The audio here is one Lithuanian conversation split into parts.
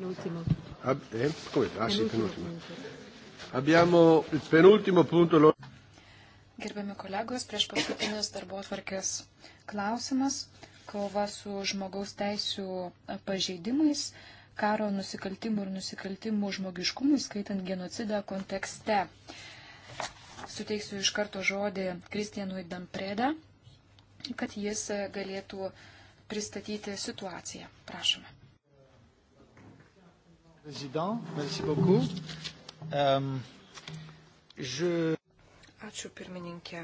L'ultimo. Ah, eh? Come? Ah, sì, penultimo. Abbiamo il penultimo punto. Gerbiami kolegos, prieš paskutinis darbo atvarkės klausimas - kova su žmogaus teisų pažeidimais, karo nusikaltimų ir nusikaltimų žmogiškumui, skaitant genocidą kontekste. Suteiksiu iš karto žodį Kristianui Dampreda, kad jis galėtų pristatyti situaciją. Prašome. Euh, Ačiū pirmininkė.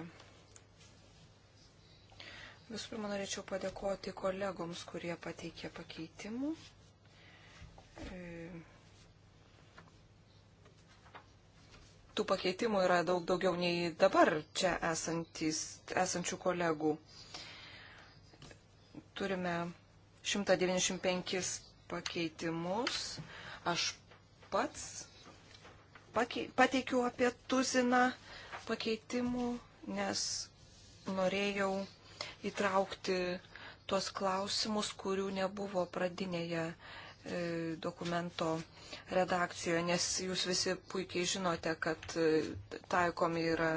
Visų pirma, norėčiau padėkoti kolegoms, kurie pateikė pakeitimų. E, tų pakeitimų yra daug daugiau nei dabar čia esantys, esančių kolegų. Turime 195 pakeitimus. Aš pats pateikiau apie tuziną pakeitimų, nes norėjau įtraukti tuos klausimus, kurių nebuvo pradinėje e, dokumento redakcijoje, nes jūs visi puikiai žinote, kad e, taikomi yra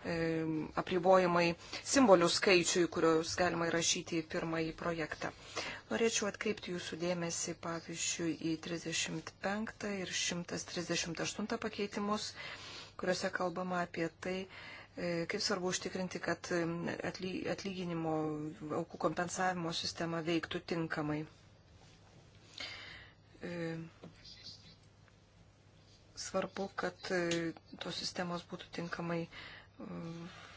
E, apribojimai simbolių skaičiui, kuriuos galima įrašyti į pirmąjį projektą. Norėčiau atkreipti jūsų dėmesį, pavyzdžiui, į 35 ir 138 pakeitimus, kuriuose kalbama apie tai, e, kaip svarbu užtikrinti, kad e, atlyginimo aukų kompensavimo sistema veiktų tinkamai. Svarbu, kad tos sistemos būtų tinkamai uh,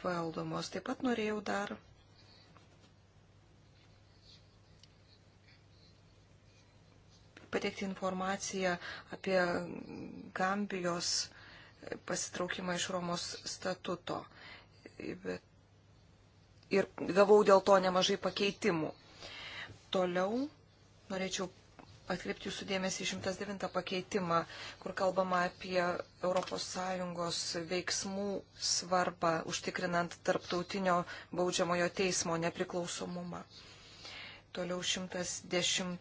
valdomos. Taip pat norėjau dar pateikti informaciją apie Gambijos pasitraukimą iš Romos statuto. Ir gavau dėl to nemažai pakeitimų. Toliau norėčiau atkreipti jūsų dėmesį į 109 pakeitimą, kur kalbama apie ES veiksmų svarbą užtikrinant tarptautinio baudžiamojo teismo nepriklausomumą. Toliau 110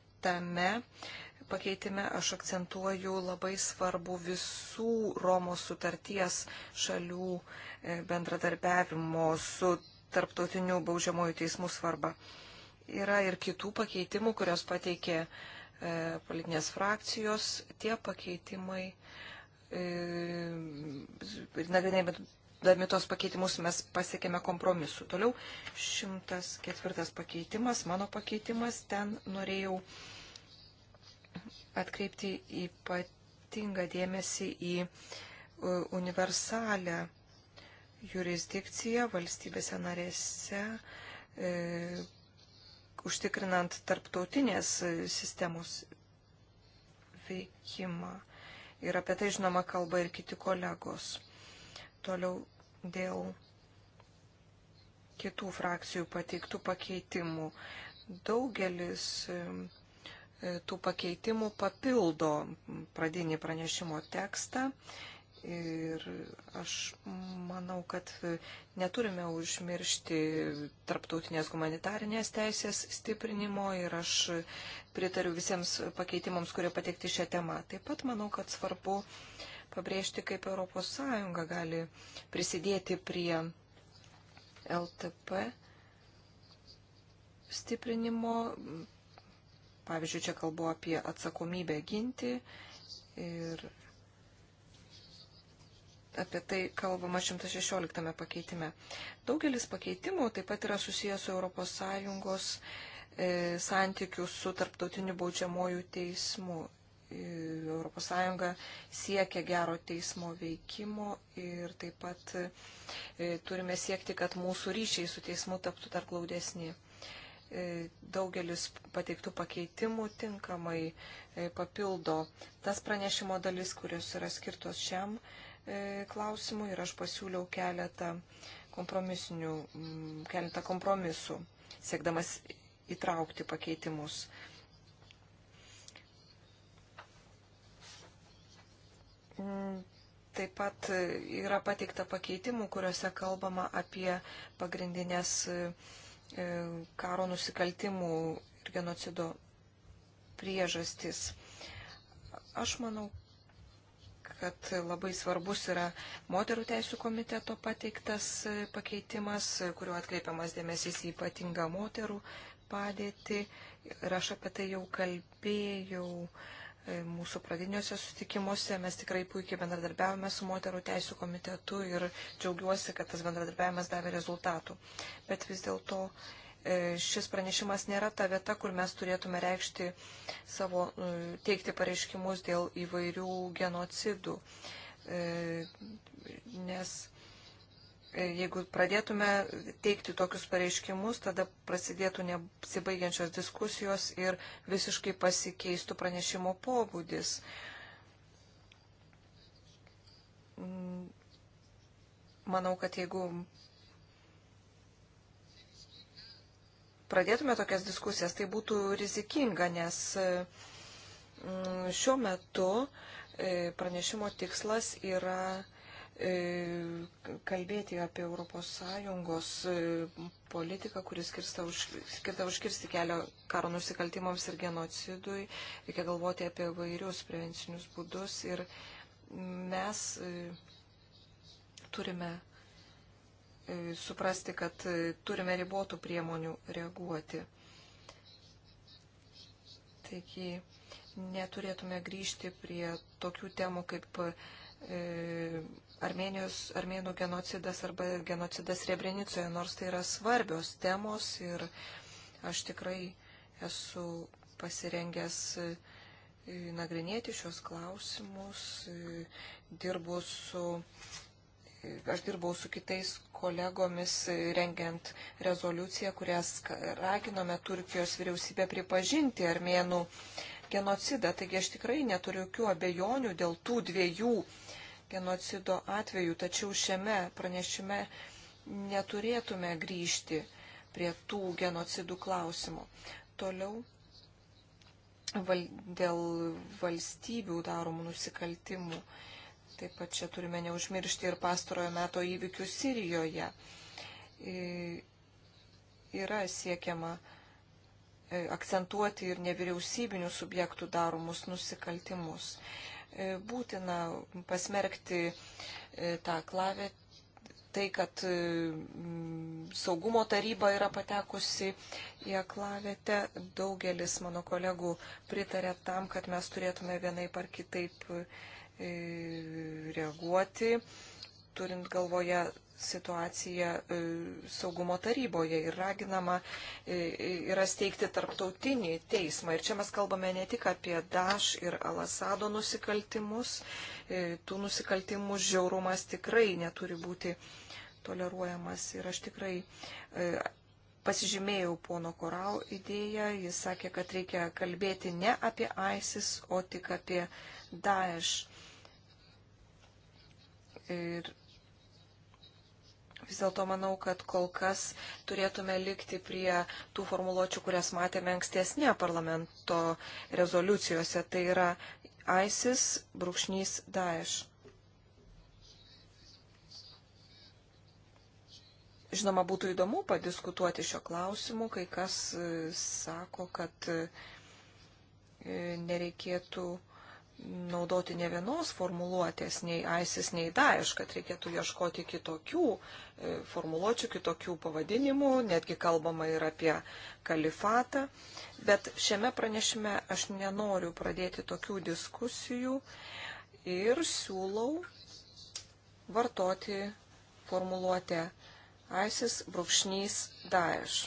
pakeitime aš akcentuoju labai svarbu visų Romos sutarties šalių e, bendradarbiavimo su tarptautiniu baudžiamojų teismų svarba. Yra ir kitų pakeitimų, kurios pateikė uh, E, politinės frakcijos, tie pakeitimai, e, nagrinėdami tos pakeitimus mes pasiekėme kompromisu. Toliau 104 pakeitimas, mano pakeitimas, ten norėjau atkreipti ypatingą dėmesį į e, universalę jurisdikciją valstybėse narėse užtikrinant tarptautinės sistemos veikimą. Ir apie tai, žinoma, kalba ir kiti kolegos. Toliau dėl kitų frakcijų pateiktų pakeitimų. Daugelis e, tų pakeitimų papildo pradinį pranešimo tekstą Ir aš manau, kad neturime užmiršti tarptautinės humanitarinės teisės stiprinimo ir aš pritariu visiems pakeitimams, kurie patekti šią temą. Taip pat manau, kad svarbu pabrėžti, kaip ES gali prisidėti prie LTP stiprinimo. Pavyzdžiui, čia kalbu apie atsakomybę ginti ir apie tai kalbama 116 pakeitime. Daugelis pakeitimų taip pat yra susijęs su ES e, santykių su tarptautiniu baudžiamoju teismu. ES siekia gero teismo veikimo ir taip pat e, turime siekti, kad mūsų ryšiai su teismu taptų dar glaudesni e, daugelis pateiktų pakeitimų tinkamai e, papildo tas pranešimo dalis, kurios yra skirtos šiam E, klausimų ir aš pasiūliau keletą, keletą kompromisų, siekdamas įtraukti pakeitimus. Mm, taip pat yra pateikta pakeitimų, kuriuose kalbama apie pagrindinės e, e, karo nusikaltimų ir genocido priežastis. Aš manau, kad labai svarbus yra moterų teisų komiteto pateiktas pakeitimas, kuriuo atkreipiamas dėmesys į ypatingą moterų padėtį. Ir aš apie tai jau kalbėjau e, mūsų pradiniuose sutikimuose. Mes tikrai puikiai bendradarbiavome su moterų teisų komitetu ir džiaugiuosi, kad tas bendradarbiavimas davė rezultatų. Bet vis dėlto E, šis pranešimas nėra ta vieta, kur mes turėtume reikšti savo, e, teikti pareiškimus dėl įvairių genocidų. E, nes jeigu pradėtume teikti tokius pareiškimus, tada prasidėtų nesibaigiančios diskusijos ir visiškai pasikeistų pranešimo pobūdis mm, manau, kad jeigu pradėtume tokias diskusijas, tai būtų rizikinga, nes mm, šiuo metu e, pranešimo tikslas yra e, kalbėti apie ES e, politiką, kuris už, skirta užkirsti kelio karo nusikaltimams ir genocidui. Reikia galvoti apie vairius prevencinius būdus ir mes turime E, suprasti, kad e, turime ribotų priemonių reaguoti. Taigi neturėtume grįžti prie tokių temų kaip e, Armenijos, armėnų genocidas arba genocidas Rebrenicoje, nors tai yra svarbios temos ir aš tikrai esu pasirengęs nagrinėti šios klausimus, dirbu su, aš dirbau su kitais kolegomis rengiant rezoliuciją, kurias raginome Turkijos vyriausybę pripažinti armėnų genocidą. Taigi aš tikrai neturiu jokių abejonių dėl tų dviejų genocido atvejų, tačiau šiame pranešime neturėtume grįžti prie tų genocidų klausimų. Toliau val, dėl valstybių daromų nusikaltimų. E, Taip pat čia turime neužmiršti ir pastarojo meto įvykių Sirijoje. Yra siekiama e, akcentuoti ir nevyriausybinių subjektų daromus nusikaltimus. E, būtina pasmerkti e, tą klavę, tai, kad saugumo taryba yra patekusi į aklavietę. Daugelis mano kolegų pritarė tam, kad mes turėtume vienaip ar kitaip E, reaguoti, turint galvoje situaciją e, saugumo taryboje ir raginama e, yra steigti tarptautinį teismą. Ir čia mes kalbame ne tik apie Daš ir Alasado nusikaltimus, tų nusikaltimų žiaurumas tikrai neturi būti toleruojamas. Ir aš tikrai pasižymėjau pono Korau idėją, jis sakė, kad reikia kalbėti ne apie ISIS, o tik apie Daesh. Ir vis dėlto manau, kad kol kas turėtume likti prie tų formuluočių, kurias matėme ankstesnė parlamento rezoliucijose. Tai yra ISIS brūkšnys Daesh. Žinoma, būtų įdomu padiskutuoti šio klausimu, kai kas e, sako, kad e, nereikėtų naudoti ne vienos formuluotės, nei ISIS, nei DAEŠ, kad reikėtų ieškoti kitokių e, formuluočių, kitokių pavadinimų, netgi kalbama ir apie kalifatą. Bet šiame pranešime aš nenoriu pradėti tokių diskusijų ir siūlau vartoti formuluotę ISIS brūkšnys DAEŠ.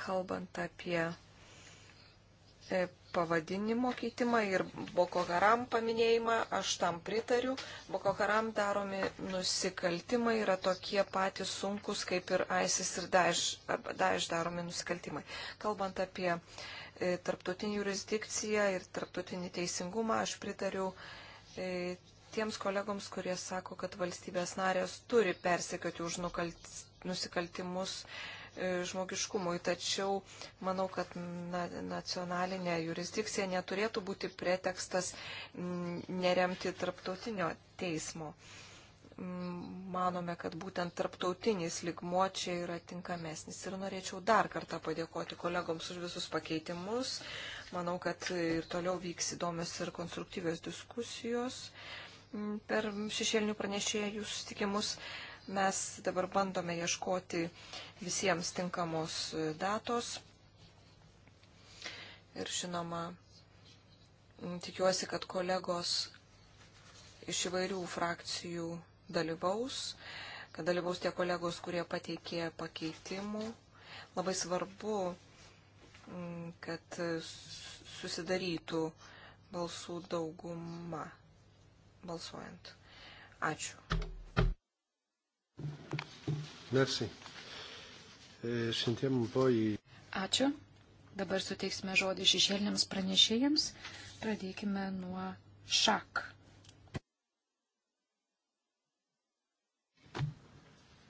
Kalbant apie E, pavadinimo keitimą ir Boko Haram paminėjimą, aš tam pritariu. Boko Haram daromi nusikaltimai yra tokie patys sunkus, kaip ir ISIS ir Daesh, Daesh daromi nusikaltimai. Kalbant apie e, tarptautinį jurisdikciją ir tarptautinį teisingumą, aš pritariu e, tiems kolegoms, kurie sako, kad valstybės narės turi persekioti už nusikaltimus E, žmogiškumui. Tačiau manau, kad na, nacionalinė jurisdikcija neturėtų būti pretekstas neremti tarptautinio teismo. Manome, kad būtent tarptautinis ligmuo čia yra tinkamesnis. Ir norėčiau dar kartą padėkoti kolegoms už visus pakeitimus. Manau, kad ir toliau vyks įdomios ir konstruktyvios diskusijos per šešėlinių pranešėjų susitikimus. Mes dabar bandome ieškoti visiems tinkamos datos. Ir žinoma, tikiuosi, kad kolegos iš įvairių frakcijų dalyvaus, kad dalyvaus tie kolegos, kurie pateikė pakeitimų. Labai svarbu, mm, kad susidarytų balsų dauguma balsuojant. Ačiū. Merci. E, sintiem poi. Ačiū. Dabar suteiksime žodį šešėliniams pranešėjams. Pradėkime nuo šak.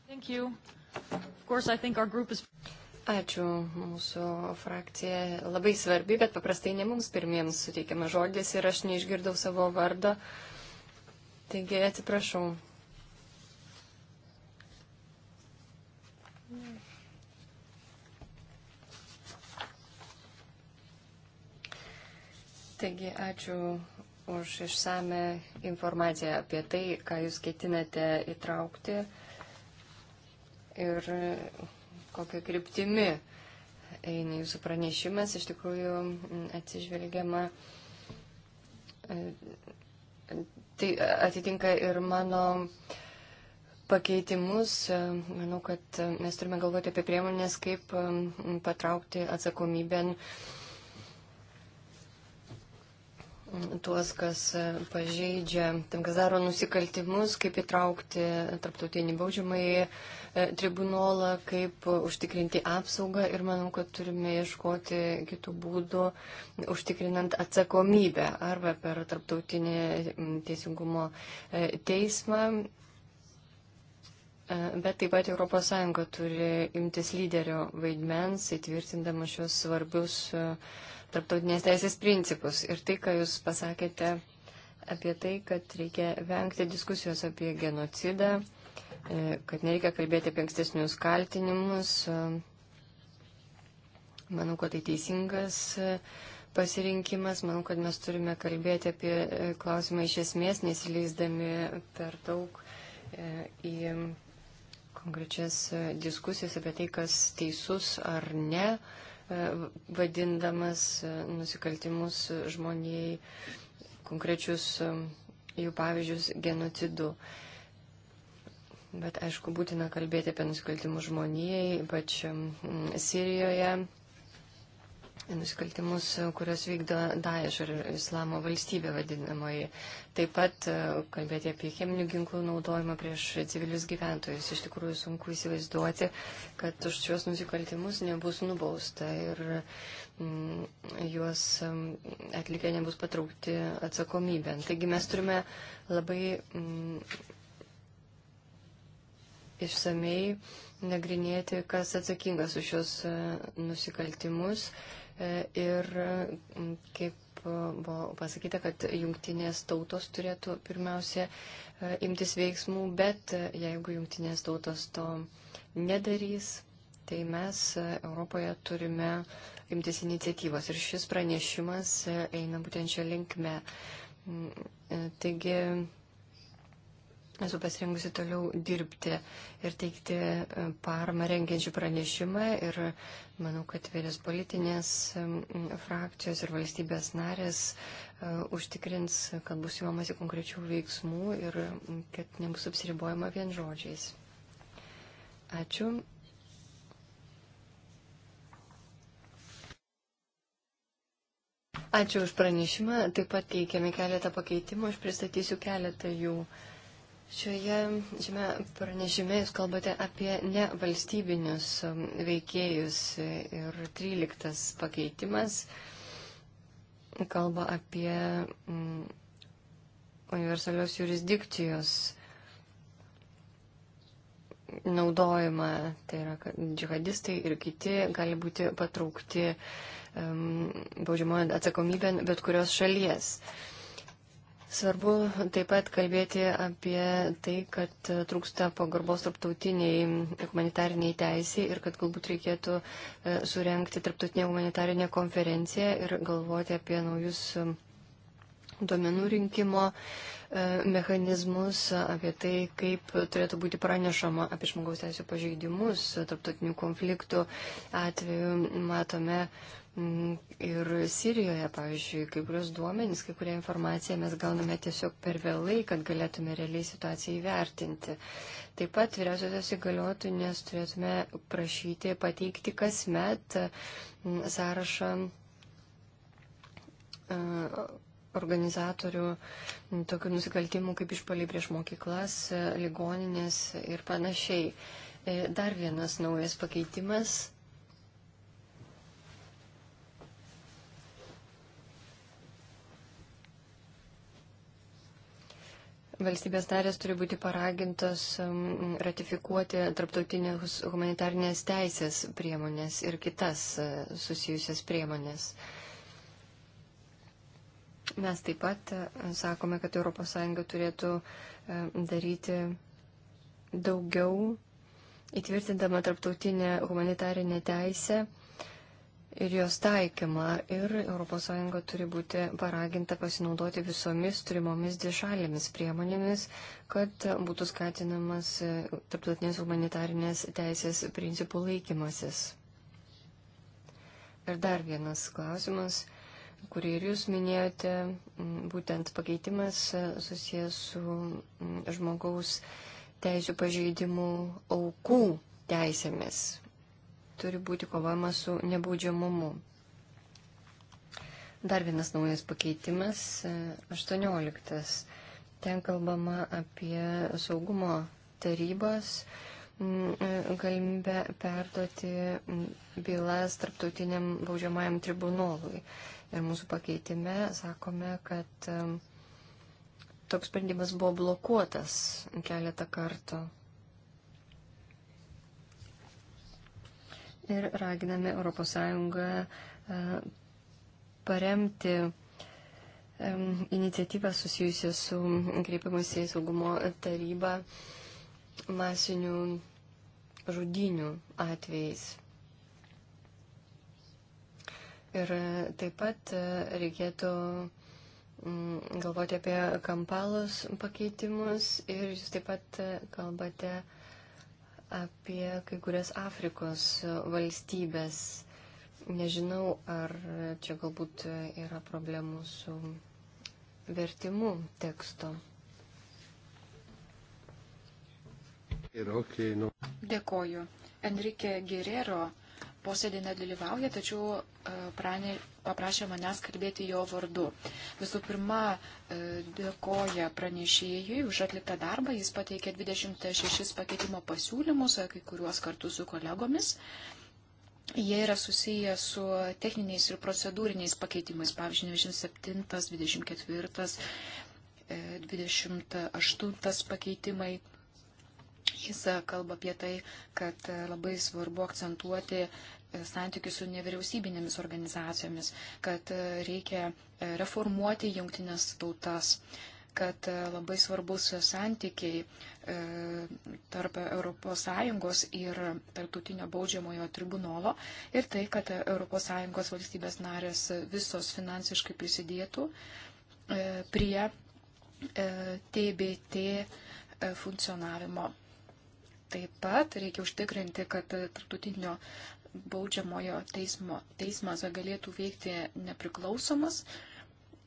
Thank you. Of course, I think our group is... Ačiū. Mūsų frakcija labai svarbi, bet paprastai ne mums pirmiems suteikiama žodis ir aš neišgirdau savo vardo. Taigi atsiprašau. Taigi, ačiū už išsame informaciją apie tai, ką jūs ketinate įtraukti ir kokią kryptimį eina jūsų pranešimas, iš tikrųjų atsižvelgiama. Tai atitinka ir mano pakeitimus. Manau, kad mes turime galvoti apie priemonės, kaip patraukti atsakomybę tuos, kas pažeidžia, tam, kas daro nusikaltimus, kaip įtraukti tarptautinį baudžiamąjį e, tribunolą, kaip užtikrinti apsaugą ir manau, kad turime ieškoti kitų būdų, užtikrinant atsakomybę arba per tarptautinį teisingumo e, teismą. E, bet taip pat ES turi imtis lyderio vaidmens, įtvirtindama šios svarbius uh, tarptautinės teisės principus. Ir tai, ką Jūs pasakėte apie tai, kad reikia vengti diskusijos apie genocidą, e, kad nereikia kalbėti apie ankstesnius kaltinimus. E, manau, kad tai teisingas e, pasirinkimas. Manau, kad mes turime kalbėti apie klausimą iš esmės, nesileisdami per daug į konkrečias diskusijas apie tai, kas teisus ar ne. E, vadindamas e, nusikaltimus žmonijai, konkrečius e, jų pavyzdžius genocidu. Bet aišku, būtina kalbėti apie nusikaltimus žmonijai, ypač Sirijoje, nusikaltimus, kurios vykdo Daesh ir Islamo valstybė vadinamoji. Taip pat e, kalbėti apie cheminių ginklų naudojimą prieš civilius gyventojus. Iš tikrųjų sunku įsivaizduoti, kad už šios nusikaltimus nebus nubausta ir m, mm, juos mm, atlikę nebus patraukti atsakomybę. Taigi mes turime labai m, mm, išsamei nagrinėti, kas atsakingas už šios e, nusikaltimus E, ir kaip e, buvo pasakyta, kad jungtinės tautos turėtų pirmiausia e, imtis veiksmų, bet jeigu jungtinės tautos to nedarys, tai mes Europoje turime imtis iniciatyvos. Ir šis pranešimas eina būtent šią linkmę. Taigi Esu pasirengusi toliau dirbti ir teikti e, paramą rengiančių pranešimą ir manau, kad vėlės politinės frakcijos ir valstybės narės e, užtikrins, kad bus juomasi konkrečių veiksmų ir kad nebus apsiribojama vien žodžiais. Ačiū. Ačiū už pranešimą. Taip pat teikiame keletą pakeitimų. Aš pristatysiu keletą jų. Jų Šioje šiame pranešime jūs kalbate apie nevalstybinius um, veikėjus ir 13 pakeitimas kalba apie mm, universalios jurisdikcijos naudojimą, tai yra, kad džihadistai ir kiti gali būti patraukti um, baudžiamojo atsakomybėn bet kurios šalies. Um, Svarbu taip pat kalbėti apie tai, kad trūksta pagarbos tarptautiniai humanitariniai teisiai ir kad galbūt reikėtų e, surenkti tarptautinę humanitarinę konferenciją ir galvoti apie naujus e, duomenų rinkimo e, mechanizmus, apie tai, kaip turėtų būti pranešama apie žmogaus teisų pažeidimus tarptautinių konfliktų atveju. Matome, Mm, ir Sirijoje, pavyzdžiui, kai kurios duomenys, kai kurią informaciją mes gauname tiesiog per vėlai, kad galėtume realiai situaciją įvertinti. Taip pat vyriausiosios įgaliotinės turėtume prašyti pateikti kasmet mm, sąrašą e, organizatorių mm, tokių nusikaltimų kaip išpaliai prieš mokyklas, e, ligoninės ir panašiai. E, dar vienas naujas pakeitimas Valstybės narės turi būti paragintos um, ratifikuoti tarptautinės humanitarnės teisės priemonės ir kitas e, susijusias priemonės. Mes taip pat e, sakome, kad ES turėtų e, daryti daugiau, įtvirtindama tarptautinę humanitarinę teisę ir jos taikymą. Ir ES turi būti paraginta pasinaudoti visomis turimomis dvišalėmis priemonėmis, kad būtų skatinamas e, tarptautinės humanitarinės teisės principų laikymasis. Ir dar vienas klausimas, kurį ir jūs minėjote, būtent pakeitimas e, susijęs su žmogaus teisų pažeidimų aukų teisėmis turi būti kovojama su nebaudžiamumu. Dar vienas naujas pakeitimas, 18. E, Ten kalbama apie saugumo tarybos e, galimybę perduoti bylas tarptautiniam baudžiamajam tribunolui. Ir mūsų pakeitime sakome, kad e, toks sprendimas buvo blokuotas keletą kartų. ir raginame ES e, paremti e, iniciatyvą susijusią su kreipimuose į saugumo tarybą masinių žudinių atvejais. Ir taip pat e, reikėtų mm, galvoti apie kampalos pakeitimus ir jūs taip pat kalbate apie kai kurias Afrikos valstybės. Nežinau, ar čia galbūt yra problemų su vertimu teksto. Nu. Dėkoju. Enrique Guerrero posėdį nedalyvauja, tačiau e, pranė, paprašė manęs kalbėti jo vardu. Visų pirma, e, dėkoja pranešėjui už atliktą darbą. Jis pateikė 26 pakeitimo pasiūlymus, e, kai kuriuos kartu su kolegomis. Jie yra susiję su techniniais ir procedūriniais pakeitimais, pavyzdžiui, 27, 24, 28 pakeitimai. Jis kalba apie tai, kad labai svarbu akcentuoti santykių su nevyriausybinėmis organizacijomis, kad e, reikia e, reformuoti jungtinės tautas, kad e, labai svarbus santykiai tarp ES ir tarptautinio baudžiamojo tribunolo ir tai, kad ES valstybės narės visos finansiškai prisidėtų prie TBT funkcionavimo. Taip pat reikia užtikrinti, kad tarptautinio baudžiamojo teismo teismas galėtų veikti nepriklausomas.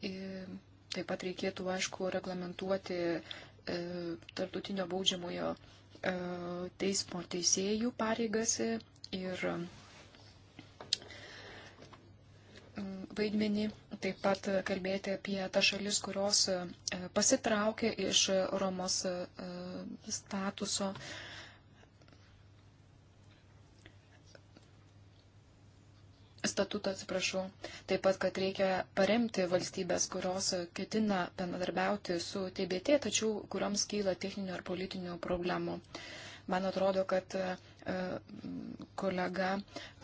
Taip pat reikėtų, aišku, reglamentuoti e, tartutinio baudžiamojo e, teismo teisėjų pareigas ir e, vaidmenį, taip pat kalbėti apie tą šalis, kurios pasitraukė iš Romos statuso. Uh, statuto, atsiprašau, taip pat, kad reikia paremti valstybės, kurios ketina bendradarbiauti su TBT, tačiau kurioms kyla techninių ar politinių problemų. Man atrodo, kad e, kolega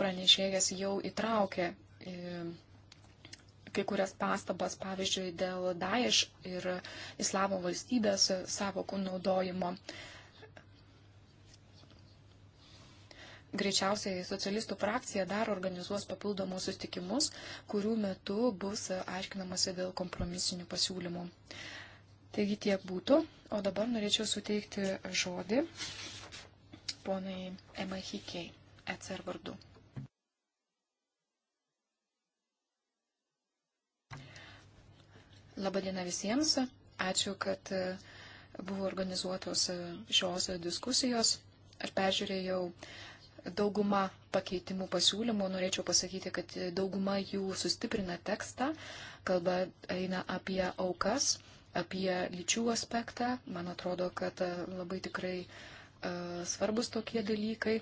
pranešėjas jau įtraukė e, kai kurias pastabas, pavyzdžiui, dėl Daesh ir Islamo valstybės savokų naudojimo. Uh, greičiausiai socialistų frakcija dar organizuos papildomus sustikimus, kurių metu bus aiškinamasi dėl kompromisinių pasiūlymų. Taigi tiek būtų, o dabar norėčiau suteikti žodį ponai Emma Hickey, ECR vardu. Labadiena visiems, ačiū, kad buvo organizuotos šios diskusijos. Aš peržiūrėjau uh, dauguma pakeitimų pasiūlymų, norėčiau pasakyti, kad dauguma jų sustiprina tekstą, kalba eina apie aukas, apie lyčių aspektą. Man atrodo, kad e, labai tikrai e, svarbus tokie dalykai.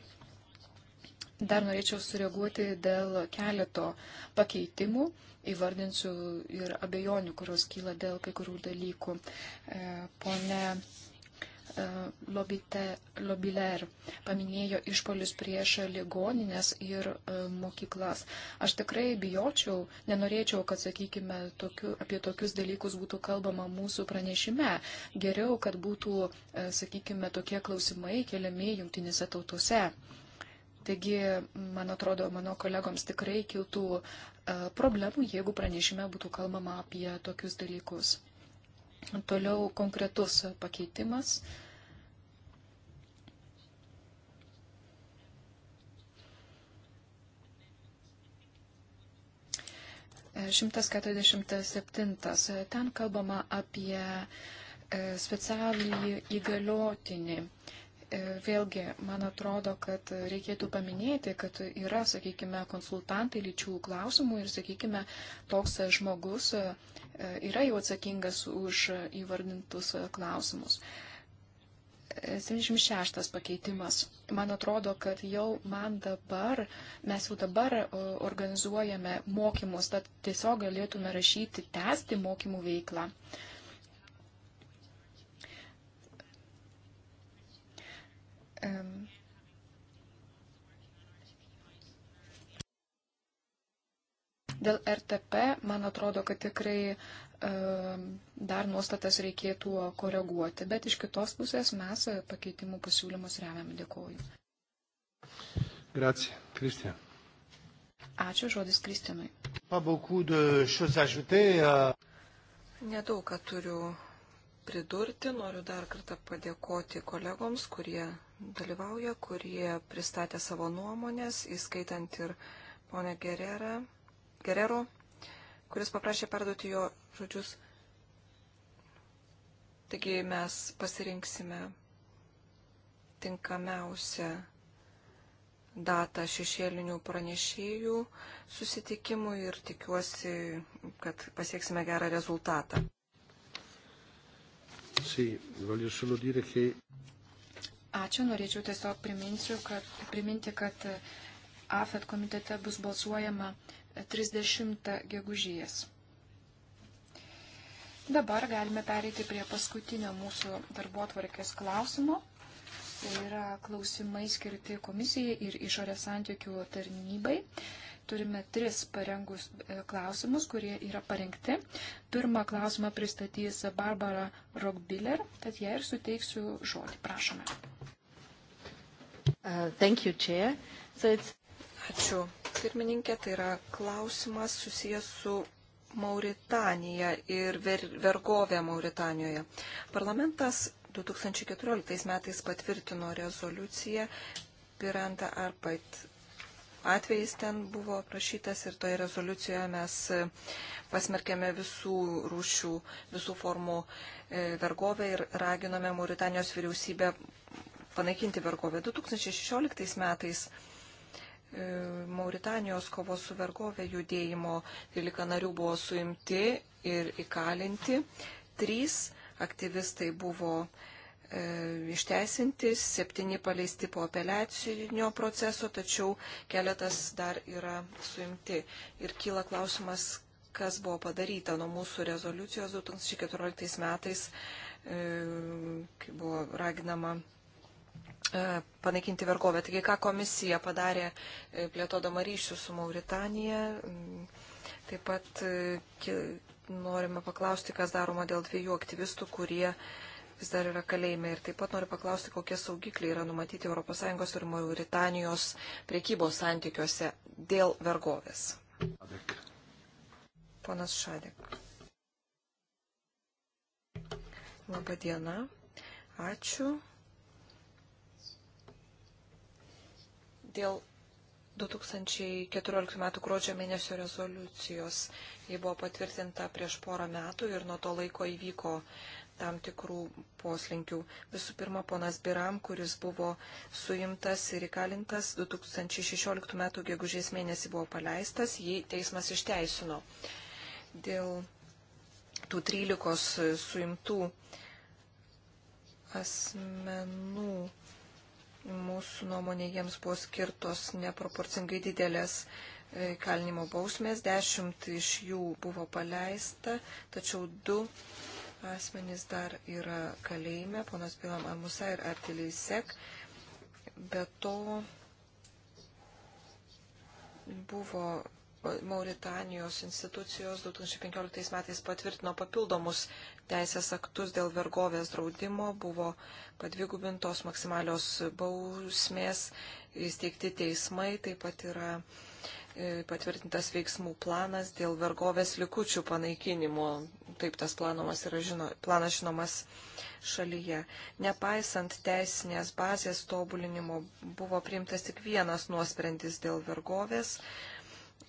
Dar norėčiau sureaguoti dėl keleto pakeitimų, įvardinsiu ir abejonių, kurios kyla dėl kai kurių dalykų. E, pone E, lobite, Lobiler paminėjo išpolius prieš ligoninės ir e, mokyklas. Aš tikrai bijočiau, nenorėčiau, kad, sakykime, tokiu, apie tokius dalykus būtų kalbama mūsų pranešime. Geriau, kad būtų, e, sakykime, tokie klausimai keliami jungtinėse tautose. Taigi, man atrodo, mano kolegoms tikrai kiltų problemų, jeigu pranešime būtų kalbama apie tokius dalykus. Toliau konkretus pakeitimas 147. Ten kalbama apie e, specialį įgaliotinį. E, vėlgi, man atrodo, kad reikėtų paminėti, kad yra, sakykime, konsultantai lyčių klausimų ir, sakykime, toks žmogus e, yra jau atsakingas už įvardintus klausimus. 76 pakeitimas. Man atrodo, kad jau man dabar, mes jau dabar organizuojame mokymus, tad tiesiog galėtume rašyti, tęsti mokymų veiklą. Dėl RTP, man atrodo, kad tikrai E, dar nuostatas reikėtų koreguoti, bet iš kitos pusės mes pakeitimų pasiūlymus remiam. Dėkoju. Grazie, Kristija. Ačiū žodis Kristinui. Euh. Nedaug, ką turiu pridurti, noriu dar kartą padėkoti kolegoms, kurie dalyvauja, kurie pristatė savo nuomonės, įskaitant ir ponę Gererą, Gerero. Gerero kuris paprašė perduoti jo žodžius. Taigi mes pasirinksime tinkamiausią datą šešėlinių pranešėjų susitikimui ir tikiuosi, kad pasieksime gerą rezultatą. Sì, voglio solo dire che... Ačiū, norėčiau tiesiog priminsiu, kad, priminti, kad eh, AFET komitete bus balsuojama 30 gegužės. Dabar galime pereiti prie paskutinio mūsų darbo atvarkės klausimo. Tai yra klausimai skirti komisijai ir išorės santykių tarnybai. Turime tris parengus e, klausimus, kurie yra parengti. Pirmą klausimą pristatys Barbara Rockbiller, tad ją ir suteiksiu žodį. Prašome. Uh, thank you, Chair. So it's... Ačiū. Pirmininkė, tai yra klausimas susijęs su Mauritanija ir ver, vergovė Mauritanijoje. Parlamentas 2014 metais patvirtino rezoliuciją Piranta Arpait. Atvejais ten buvo aprašytas ir toje rezoliucijoje mes e, pasmerkėme visų rūšių, visų formų e, vergovę ir raginome Mauritanijos vyriausybę panaikinti vergovę. 2016 metais E, Mauritanijos kovos su vergovė judėjimo 13 narių buvo suimti ir įkalinti. Trys aktyvistai buvo e, išteisinti, septyni paleisti po apeliacinio proceso, tačiau keletas dar yra suimti. Ir kyla klausimas, kas buvo padaryta nuo mūsų rezoliucijos 2014 metais, e, kai buvo raginama E, panaikinti vergovę. Taigi, ką komisija padarė e, plėtodama ryšių su Mauritanija. Taip pat e, norime paklausti, kas daroma dėl dviejų aktyvistų, kurie vis dar yra kalėjime. Ir taip pat noriu paklausti, kokie saugikliai yra numatyti ES ir Mauritanijos priekybos santykiuose dėl vergovės. Šadek. Ponas Šadek. Labą dieną. Ačiū. dėl 2014 m. gruodžio mėnesio rezoliucijos. Ji buvo patvirtinta prieš porą metų ir nuo to laiko įvyko tam tikrų poslinkių. Visų pirma, ponas Biram, kuris buvo suimtas ir įkalintas 2016 m. gegužės mėnesį buvo paleistas, jį teismas išteisino. Dėl tų 13 suimtų asmenų Mūsų nuomonė jiems buvo skirtos neproporcingai didelės e, kalinimo bausmės, dešimt iš jų buvo paleista, tačiau du asmenys dar yra kalėjime, ponas Pilam Amusa ir Artiliai Sek. Be to buvo Mauritanijos institucijos 2015 metais patvirtino papildomus teisės aktus dėl vergovės draudimo, buvo padvigubintos maksimalios bausmės, įsteigti teismai, taip pat yra e, patvirtintas veiksmų planas dėl vergovės likučių panaikinimo. Taip tas planomas yra žino, planas žinomas šalyje. Nepaisant teisinės bazės tobulinimo, buvo priimtas tik vienas nuosprendis dėl vergovės,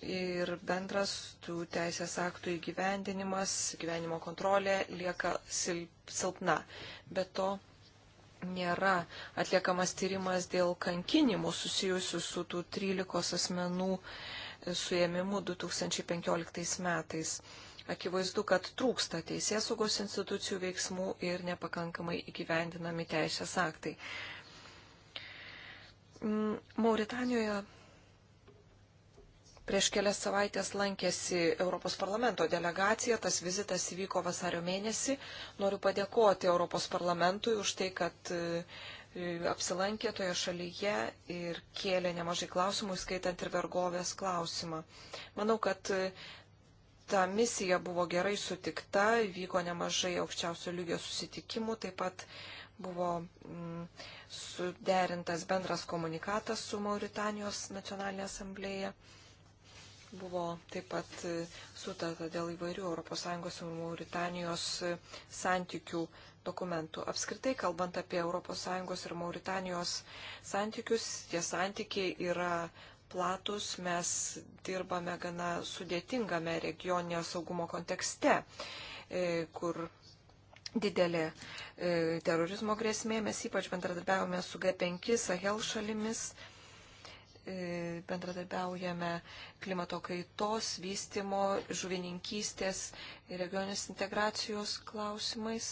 ir bendras tų teisės aktų įgyvendinimas, gyvenimo kontrolė lieka silp, silpna. Be to nėra atliekamas tyrimas dėl kankinimų susijusių su tų 13 asmenų e, suėmimu 2015 metais. Akivaizdu, kad trūksta teisėsaugos institucijų veiksmų ir nepakankamai įgyvendinami teisės aktai. Mm, Mauritanijoje prieš kelias savaitės lankėsi Europos parlamento delegacija, tas vizitas įvyko vasario mėnesį. Noriu padėkoti Europos parlamentui už tai, kad e, apsilankė toje šalyje ir kėlė nemažai klausimų, skaitant ir vergovės klausimą. Manau, kad e, ta misija buvo gerai sutikta, vyko nemažai aukščiausio lygio susitikimų, taip pat buvo mm, suderintas bendras komunikatas su Mauritanijos nacionalinė asamblėje. Buvo taip pat e, sutarta dėl įvairių ES ir Mauritanijos e, santykių dokumentų. Apskritai, kalbant apie ES ir Mauritanijos santykius, tie santykiai yra platus, mes dirbame gana sudėtingame regioninio saugumo kontekste, e, kur didelė terorizmo grėsmė, mes ypač bendradarbiavome su G5 Sahel šalimis E, bendradarbiaujame klimato kaitos, vystimo, žuvininkystės ir regioninės integracijos klausimais.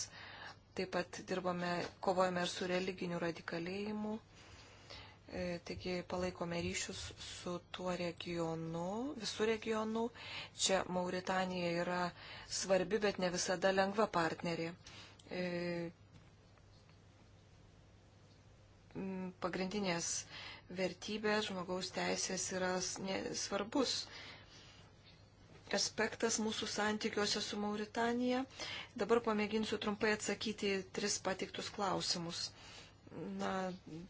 Taip pat dirbame, kovojame ir su religiniu radikalėjimu. E, taigi palaikome ryšius su tuo regionu, visų regionų. Čia Mauritanija yra svarbi, bet ne visada lengva partnerė e, pagrindinės vertybės, žmogaus teisės yra svarbus aspektas mūsų santykiuose su Mauritanija. Dabar pamėginsiu trumpai atsakyti tris patiktus klausimus. Na,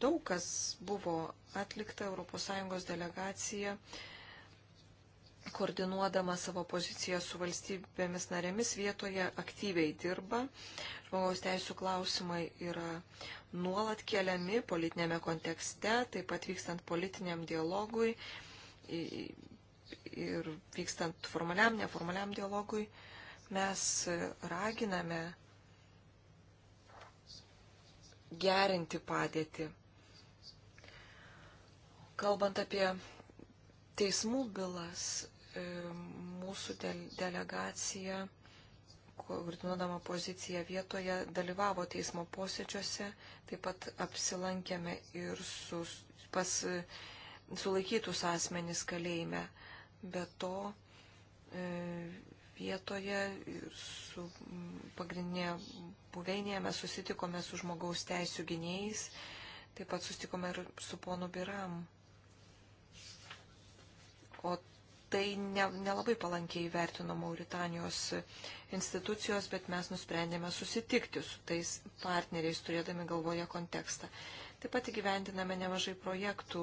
daug kas buvo atlikta, ES delegacija uh, koordinuodama savo poziciją su valstybėmis narėmis vietoje aktyviai dirba. Žmogaus teisų klausimai yra nuolat keliami politinėme kontekste, taip pat vykstant politiniam dialogui ir vykstant formaliam, neformaliam dialogui. Mes raginame gerinti padėtį. Kalbant apie teismų bylas, E, mūsų delegacija, koordinuodama poziciją vietoje, dalyvavo teismo posėdžiuose, taip pat apsilankėme ir su, pas sulaikytus asmenys kalėjime. Be to, e, vietoje su pagrindinė buveinėje mes susitikome su žmogaus teisų gynėjais, taip pat susitikome ir su ponu Biram. O tai ne, nelabai palankiai vertino Mauritanijos institucijos, bet mes nusprendėme susitikti su tais partneriais, turėdami galvoje kontekstą. Taip pat įgyvendiname nemažai projektų,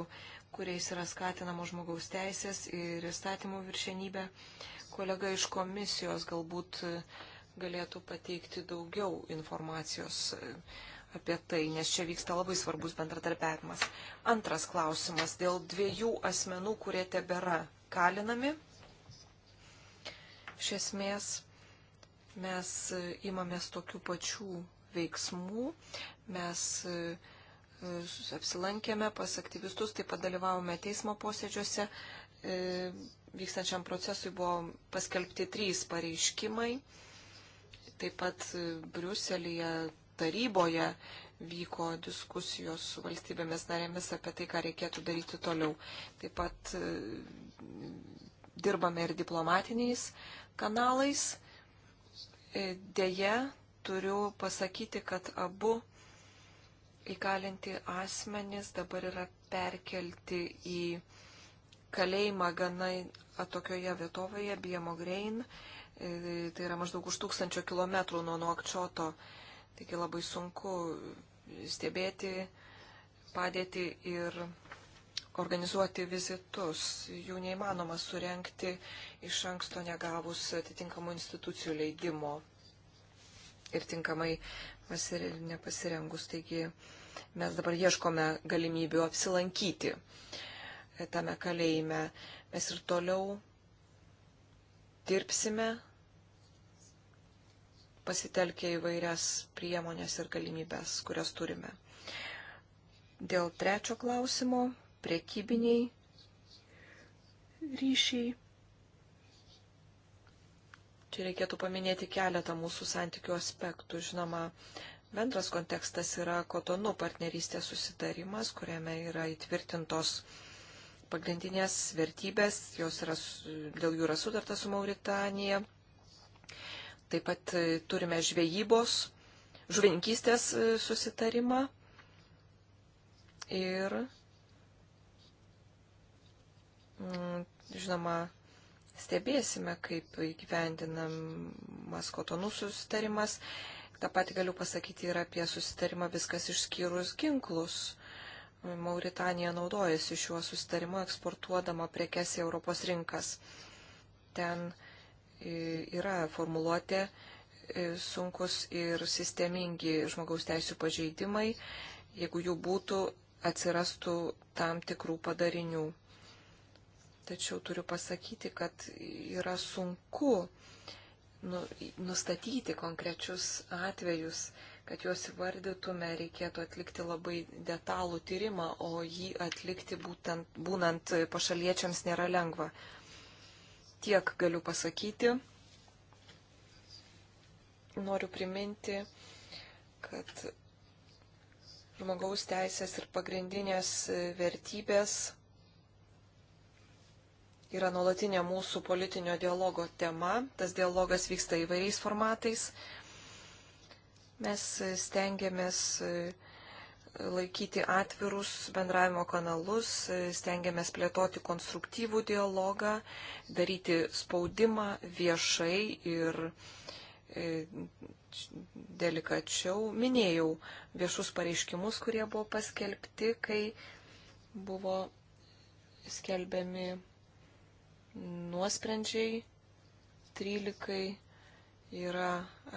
kuriais yra skatinamos žmogaus teisės ir įstatymų viršenybė. Kolega iš komisijos galbūt galėtų pateikti daugiau informacijos apie tai, nes čia vyksta labai svarbus bendradarbiavimas. Antras klausimas dėl dviejų asmenų, kurie tebėra kalinami. Iš esmės mes imamės tokių pačių veiksmų, mes e, apsilankėme pas aktyvistus, taip pat dalyvavome teismo posėdžiuose. E, vykstančiam procesui buvo paskelbti trys pareiškimai. Taip pat e, Briuselėje taryboje vyko diskusijos su valstybėmis narėmis apie tai, ką reikėtų daryti toliau. Taip pat e, dirbame ir diplomatiniais kanalais. E, Deja, turiu pasakyti, kad abu įkalinti asmenys dabar yra perkelti į kalėjimą gana atokioje vietovėje, Biemogrein. E, tai yra maždaug už tūkstančio kilometrų nuo Nuokčioto. Taigi labai sunku stebėti padėtį ir organizuoti vizitus. Jų neįmanoma surenkti iš anksto negavus atitinkamų institucijų leidimo ir tinkamai pasire, nepasirengus. Taigi mes dabar ieškome galimybių apsilankyti tame kalėjime. Mes ir toliau dirbsime pasitelkę įvairias priemonės ir galimybės, kurias turime. Dėl trečio klausimo - priekybiniai ryšiai. Čia reikėtų paminėti keletą mūsų santykių aspektų. Žinoma, bendras kontekstas yra kotonų partnerystės susitarimas, kuriame yra įtvirtintos pagrindinės vertybės, jos yra, dėl jų yra sudarta su Mauritanija, Taip pat e, turime žvejybos, žuvininkystės e, susitarimą ir, mm, žinoma, stebėsime, kaip įgyvendinamas kotonų susitarimas. Ta pati galiu pasakyti ir apie susitarimą viskas išskyrus ginklus. Mauritanija naudojasi šiuo susitarimu eksportuodama prekes į Europos rinkas. Ten uh, E, yra formuluotė e, sunkus ir sistemingi žmogaus teisų pažeidimai, jeigu jų būtų, atsirastų tam tikrų padarinių. Tačiau turiu pasakyti, kad yra sunku nu, nustatyti konkrečius atvejus, kad juos įvardytume, reikėtų atlikti labai detalų tyrimą, o jį atlikti būtent, būnant pašaliečiams nėra lengva. Tiek galiu pasakyti. Noriu priminti, kad žmogaus teisės ir pagrindinės vertybės yra nuolatinė mūsų politinio dialogo tema. Tas dialogas vyksta įvairiais formatais. Mes stengiamės uh, laikyti atvirus bendravimo kanalus, stengiamės plėtoti konstruktyvų dialogą, daryti spaudimą viešai ir e, delikačiau. Minėjau viešus pareiškimus, kurie buvo paskelbti, kai buvo skelbiami nuosprendžiai 13 yra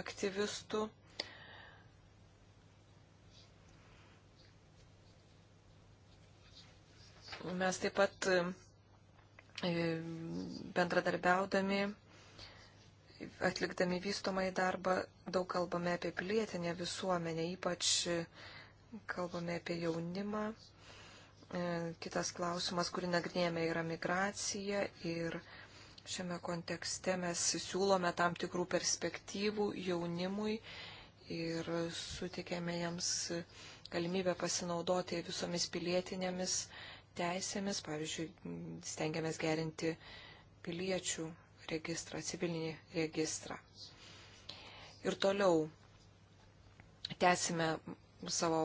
aktyvistų Mes taip pat e, bendradarbiaudami, atlikdami vystomą į darbą, daug kalbame apie pilietinę visuomenę, ypač e, kalbame apie jaunimą. E, kitas klausimas, kurį nagrinėjame, yra migracija ir šiame kontekste mes siūlome tam tikrų perspektyvų jaunimui ir sutikėme jiems galimybę pasinaudoti visomis pilietinėmis teisėmis, pavyzdžiui, stengiamės gerinti piliečių registrą, civilinį registrą. Ir toliau tęsime savo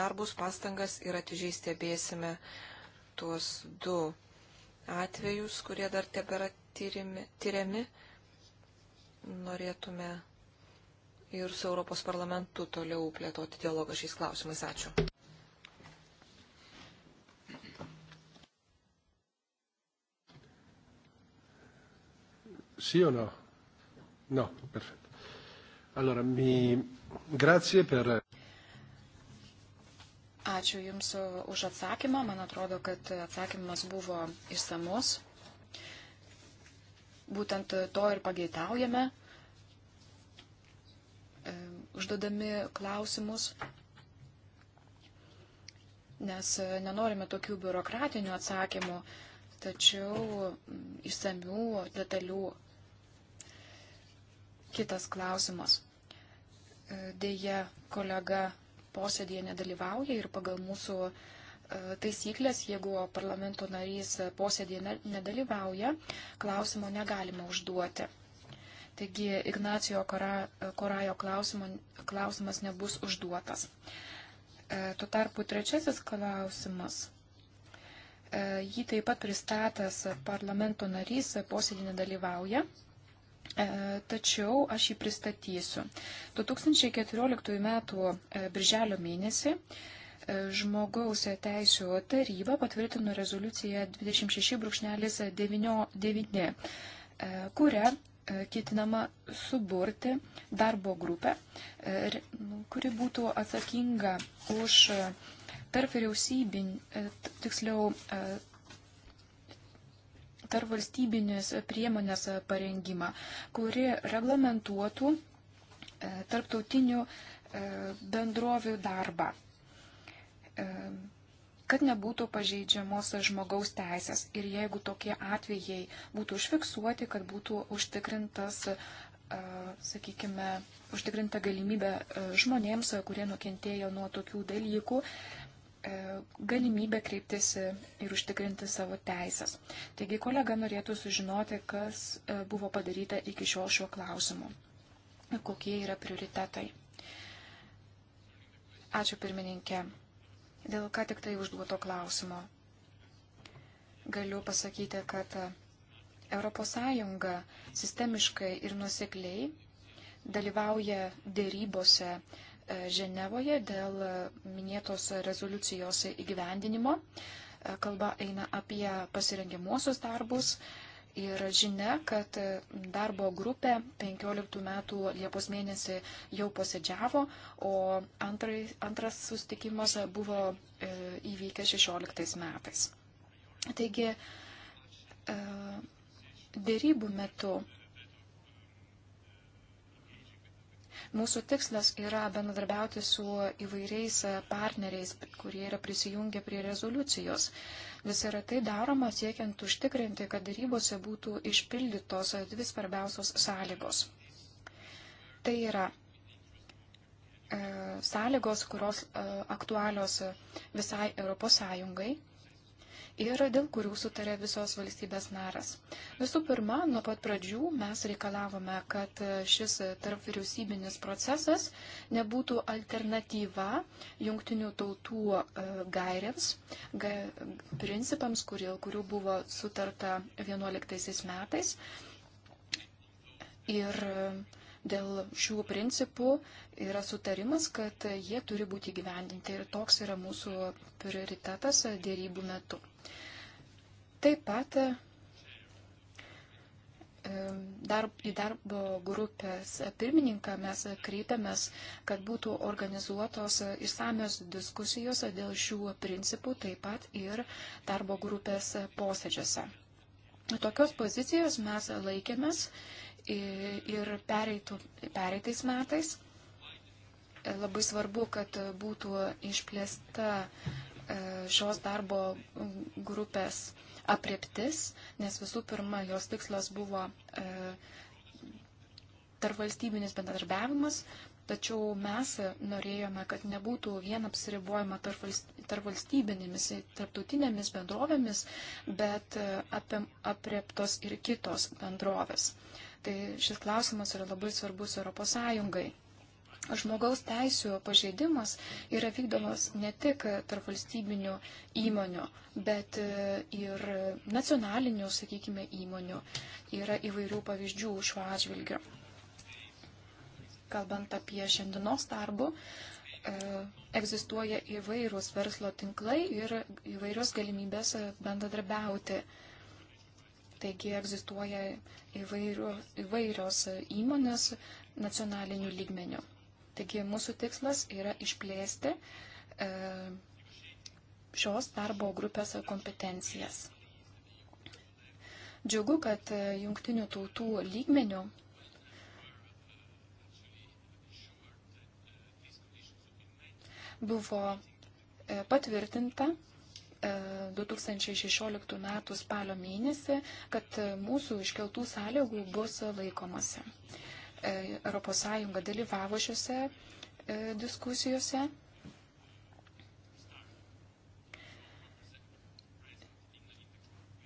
darbus, pastangas ir atidžiai stebėsime tuos du atvejus, kurie dar tebėra tyrimi, tyriami. Norėtume ir su Europos parlamentu toliau plėtoti dialogą šiais klausimais. Ačiū. Sì o no? No, perfetto. Allora, mi... grazie per. Ačiū Jums už atsakymą. Man atrodo, kad atsakymas buvo išsamus. Būtent to ir pageidaujame, e, užduodami klausimus, nes nenorime tokių biurokratinių atsakymų, tačiau išsamių, detalių kitas klausimas. E, Deja, kolega posėdėje nedalyvauja ir pagal mūsų e, taisyklės, jeigu parlamento narys posėdėje nedalyvauja, klausimo negalima užduoti. Taigi Ignacijo Korajo klausimo, klausimas nebus užduotas. E, tuo tarpu trečiasis klausimas. Jį taip pat pristatęs parlamento narys posėdį nedalyvauja. E, tačiau aš jį pristatysiu. 2014 m. E, birželio mėnesį e, žmogaus teisų taryba patvirtino rezoliuciją 26.99, kuria ketinama suburti darbo grupę, nu, kuri būtų atsakinga už tarp vyriausybin, tiksliau tarp valstybinės priemonės parengimą, kuri reglamentuotų e, tarptautinių e, bendrovių darbą e, kad nebūtų pažeidžiamos žmogaus teisės ir jeigu tokie atvejai būtų užfiksuoti, kad būtų užtikrintas, sakykime, užtikrinta galimybė žmonėms, kurie nukentėjo nuo tokių dalykų, E, galimybę kreiptis e, ir užtikrinti savo teisės. Taigi kolega norėtų sužinoti, kas e, buvo padaryta iki šiol šiuo klausimu, kokie yra prioritetai. Ačiū pirmininkė. Dėl ką tik tai užduoto klausimo. Galiu pasakyti, kad ES sistemiškai ir nusekliai dalyvauja dėrybose Ženevoje dėl minėtos rezoliucijos įgyvendinimo. Kalba eina apie pasirengimuosius darbus. Ir žinia, kad darbo grupė 15 metų Liepos mėnesį jau posėdžiavo, o antrai, antras sustikimas buvo e, įvykęs 16 metais. Taigi, e, dėrybų metu Mūsų tikslas yra bendradarbiauti su įvairiais partneriais, kurie yra prisijungę prie rezoliucijos. Vis yra tai daroma siekiant užtikrinti, kad darybose būtų išpildytos dvi svarbiausios sąlygos. Tai yra e, sąlygos, kurios e, aktualios visai ES ir dėl kurių sutarė visos valstybės naras. Visų pirma, nuo pat pradžių mes reikalavome, kad šis tarp vyriausybinis procesas nebūtų alternatyva jungtinių tautų e, gairiams, ga, principams, kurie, kurių buvo sutarta 11 metais. Ir Dėl šių principų yra sutarimas, kad jie turi būti gyvendinti ir toks yra mūsų prioritetas dėrybų metu. Taip pat darb, į darbo grupės pirmininką mes kreipiamės, kad būtų organizuotos išsamios diskusijos dėl šių principų, taip pat ir darbo grupės posėdžiuose. Tokios pozicijos mes laikėmės ir pereitų, pereitais metais. Labai svarbu, kad būtų išplėsta e, šios darbo grupės apriptis, nes visų pirma, jos tikslas buvo e, tarp valstybinis bendradarbiavimas, Tačiau mes norėjome, kad nebūtų vien apsiribojama tarp valstybinėmis, tarptautinėmis bendrovėmis, bet e, apriektos ir kitos bendrovės. Tai šis klausimas yra labai svarbus ES. Žmogaus teisų pažeidimas yra vykdomas ne tik tarp valstybinių įmonių, bet e, ir nacionalinių, sakykime, įmonių. Yra įvairių pavyzdžių šiuo atžvilgiu kalbant apie šiandienos darbų, e, egzistuoja įvairūs verslo tinklai ir įvairios galimybės e, bendradarbiauti. Taigi egzistuoja įvairių, įvairios įmonės nacionalinių lygmenių. Taigi mūsų tikslas yra išplėsti e, šios darbo grupės kompetencijas. Džiugu, kad jungtinių tautų lygmenių buvo e, patvirtinta 2016 e, m. spalio mėnesį, kad e, mūsų iškeltų sąlygų bus laikomasi. ES dalyvavo šiuose diskusijose.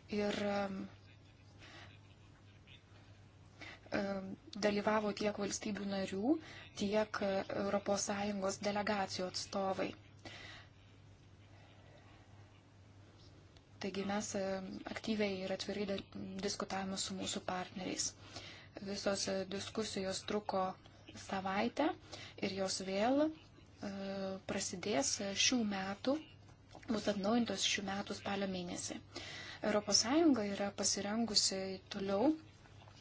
Ir dalyvavo tiek valstybių narių, tiek ES delegacijų atstovai. Taigi mes aktyviai ir atvirai diskutavome su mūsų partneriais. Visos e, diskusijos truko savaitę ir jos vėl e, prasidės šių metų, bus atnaujintos šių metų spalio mėnesį. ES yra pasirengusi toliau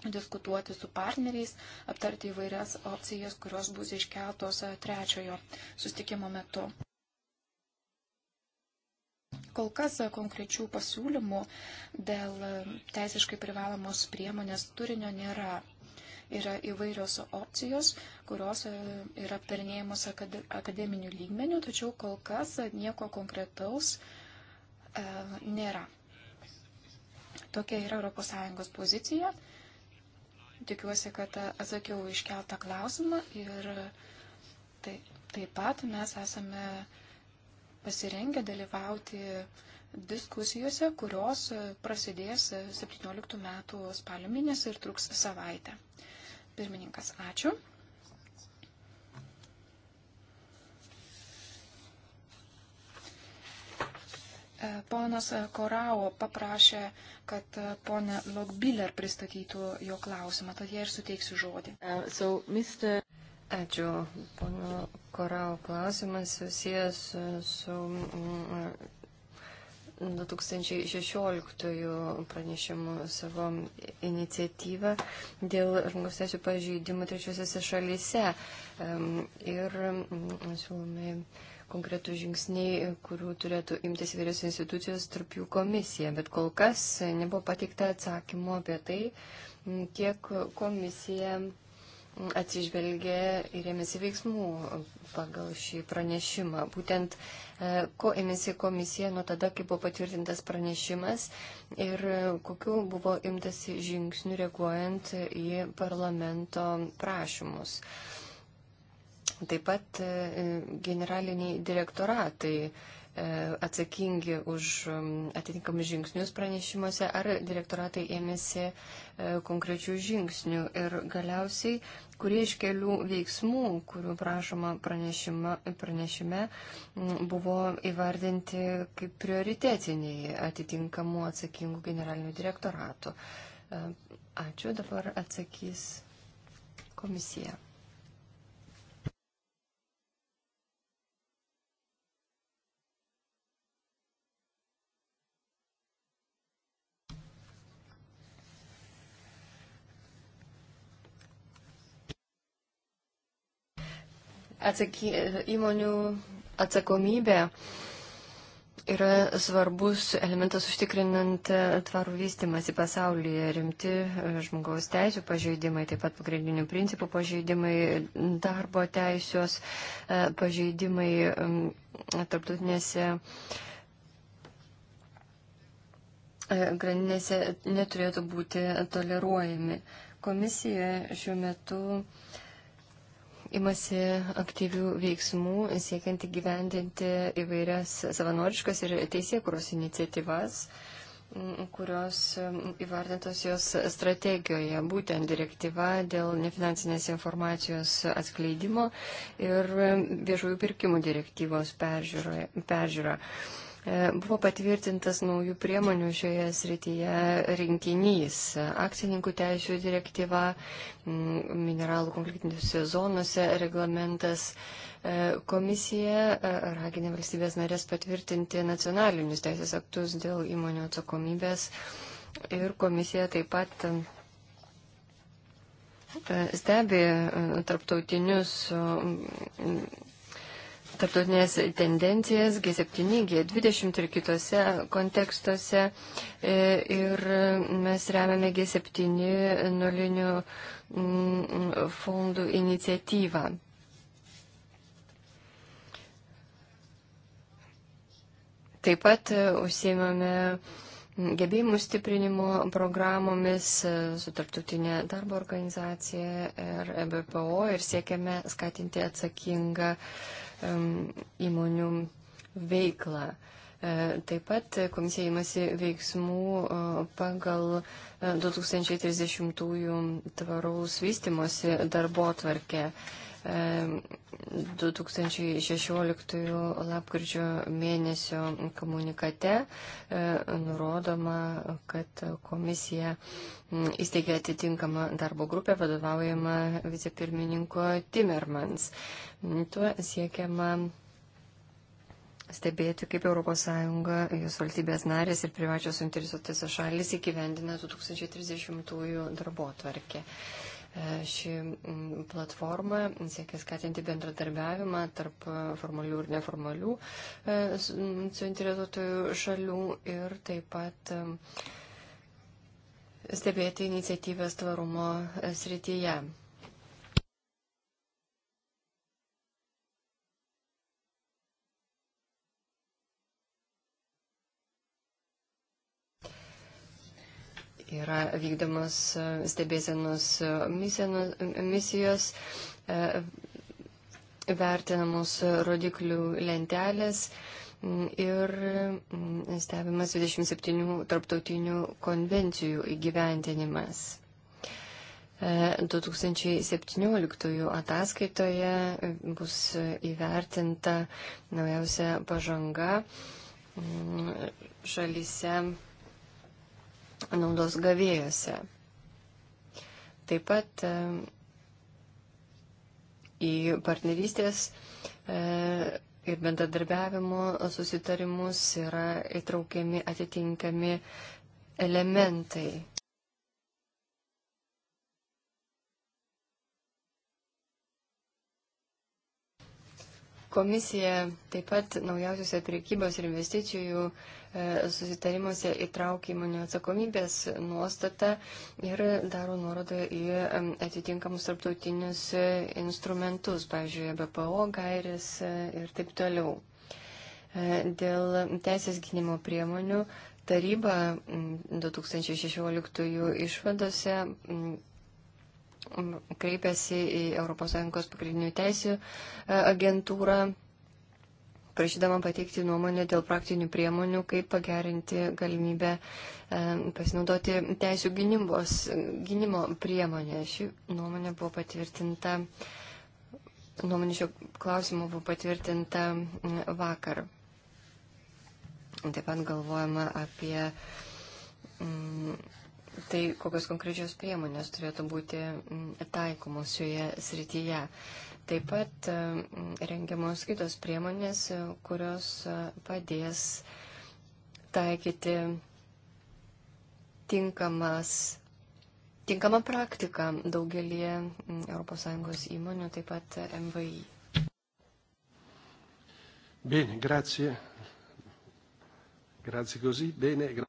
diskutuoti su partneriais, aptarti įvairias opcijas, kurios bus iškeltos e, trečiojo sustikimo metu. Kol kas e, konkrečių pasiūlymų dėl e, teisiškai privalomos priemonės turinio nėra. Yra įvairios opcijos, kurios yra aptarnėjamos akademinių lygmenių, tačiau kol kas nieko konkretaus nėra. Tokia yra ES pozicija. Tikiuosi, kad atsakiau iškeltą klausimą ir tai, taip pat mes esame pasirengę dalyvauti diskusijose, kurios prasidės 17 metų spalio mėnesį ir truks savaitę. Pirmininkas, ačiū. Ponas Korao paprašė, kad ponė Logbiller pristatytų jo klausimą, tad jie ir suteiksiu žodį. Uh, so, Mr... Ačiū. Pono Korao klausimas susijęs su, su mm, 2016 mm, pranešimu savo iniciatyvą dėl žmogaus teisų pažeidimų trečiosiuose šalyse. Ir mm, siūlome konkretų žingsniai, kurių turėtų imtis vyriaus institucijos, tarp jų komisija. Bet kol kas nebuvo pateikta atsakymo apie tai, kiek komisija atsižvelgė ir ėmėsi veiksmų pagal šį pranešimą. Būtent e, ko ėmėsi komisija nuo tada, kai buvo patvirtintas pranešimas ir e, kokiu buvo imtasi žingsnių reaguojant į parlamento prašymus. Uh, Taip pat e, generaliniai direktoratai e, atsakingi už atitinkamus žingsnius pranešimuose, ar direktoratai ėmėsi e, konkrečių žingsnių ir galiausiai, kurie iš kelių veiksmų, kurių prašoma pranešime, buvo įvardinti kaip prioritetiniai atitinkamų atsakingų generalinių direktoratų. Ačiū, dabar atsakys komisija. atsaky, įmonių atsakomybė yra svarbus elementas užtikrinant tvarų vystimąsi pasaulyje. Rimti e, žmogaus teisų pažeidimai, taip pat pagrindinių principų pažeidimai, darbo teisės e, pažeidimai tarptautinėse e, grandinėse neturėtų būti toleruojami. Komisija šiuo metu uh, imasi aktyvių veiksmų, siekiant įgyvendinti įvairias savanoriškas ir teisėkuros iniciatyvas kurios įvardintos jos strategijoje, būtent direktyva dėl nefinansinės informacijos atskleidimo ir viešųjų pirkimų direktyvos peržiūra. E, buvo patvirtintas naujų priemonių šioje srityje rinkinys - akcininkų teisų direktyva, mineralų konfliktiniuose zonuose reglamentas. E, komisija e, raginė valstybės narės patvirtinti nacionalinius teisės aktus dėl įmonių atsakomybės ir komisija taip pat stebi tarptautinius tarptautinės tendencijas G7, G20 ir kitose kontekstuose. E, ir mes remiame G7 nulinių mm, fondų iniciatyvą. Taip pat e, užsiemame gebėjimų stiprinimo programomis e, su tarptautinė darbo organizacija ir EBPO ir siekiame skatinti atsakingą uh, įmonių veiklą. E, taip pat komisija įmasi veiksmų pagal 2030 e, tvaraus vystimosi darbo tvarkę. 2016 lapkričio mėnesio komunikate e, nurodoma, kad komisija įsteigė atitinkamą darbo grupę vadovaujama vicepirmininko Timmermans. Tuo siekiama stebėti, kaip ES, jos valstybės narės ir privačios suinteresuotės šalis įgyvendina 2030 darbo tvarkę. E, ši platforma siekia skatinti bendradarbiavimą tarp formalių ir neformalių e, suinteresuotųjų šalių ir taip pat stebėti iniciatyvės tvarumo e, srityje. yra vykdomas e, stebėsenos e, e, misijos, vertinamos rodiklių lentelės ir stebimas 27 tarptautinių konvencijų įgyventinimas. 2017 ataskaitoje bus įvertinta naujausia pažanga šalyse naudos gavėjose. Taip pat e, į partnerystės e, ir bendradarbiavimo susitarimus yra įtraukiami atitinkami elementai Komisija taip pat naujausiuose priekybos ir investicijų e, susitarimuose įtraukia įmonių atsakomybės nuostatą ir daro nuorodą į atitinkamus tarptautinius e, instrumentus, pavyzdžiui, e BPO gairės ir taip toliau. Dėl teisės gynimo priemonių taryba 2016 išvadose kreipėsi į ES pagrindinių teisų e, agentūrą, prašydama pateikti nuomonę dėl praktinių priemonių, kaip pagerinti galimybę e, pasinaudoti teisų gynybos, gynimo priemonę. Ši nuomonė buvo patvirtinta, nuomonė šio klausimo buvo patvirtinta vakar. Taip pat galvojama apie tai, kokios konkrečios priemonės turėtų būti taikomos šioje srityje. Taip pat rengiamos kitos priemonės, e, kurios e, padės taikyti tinkamas, tinkamą praktiką daugelį ES įmonių, taip pat e, MVI. Bene, grazie. Grazie così, bene. Gra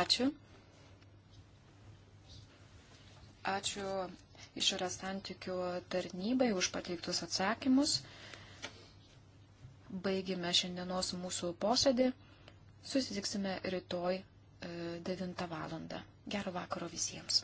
Ačiū. Ačiū išorės santykių tarnybai už pateiktus atsakymus. Baigime šiandienos mūsų posėdį. Susitiksime rytoj 9 e, val. Gero vakaro visiems.